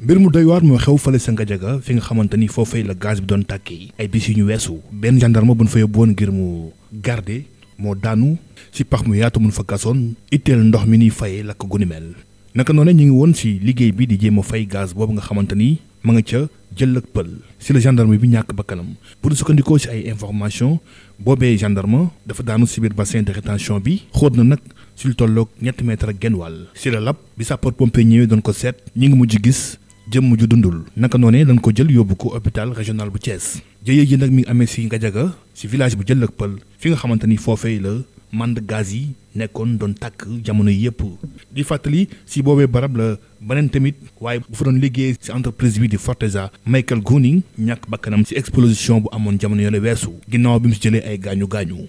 mbir mu doy waar moo xew fële sa Sandaga fi nga xamante ni foofee la gas bi doon tàkkee ay bis yu ñu weesu benn gendarme bu ñu fa yóbbu woon ngir mu garder moo daanu si pax mu yaatu mun fa gasoon itteel ndox mi ni fayee lakk gu mel naka noonu ñu ngi woon si liggéey bi di jéem a fay gas boobu nga xamante ni ma nga ca jël ak pël si la gendarme bi ñàkk bakkanam pour sukkandikoo si ay information boobee gendarme dafa daanu si biir bassin de rétention bi xóot na nag si lu tolloog ñetti genn wàll si la lab bi sapeur pompier ñëwee doon ko seet ñi ngi mujj gis jëmm ju dundul naka noonee lañ ko jël yóbbu ko hôpital régional bu Thiès jëye ji nag mi ngi amee si Ngadiaga si village bu jël Jëllëg Pël fi nga xamante ni foofee la mande gaz yi nekkoon doon takk jamono yëpp di fàttali si boobee barab la beneen tamit waaye bu fa doon liggéey si entreprise bi di Forteza Michael Gouning ñàkk bakkanam si explosion bu amoon jamono yole weesu ginnaaw bi mu si jëlee ay gaañu gaañu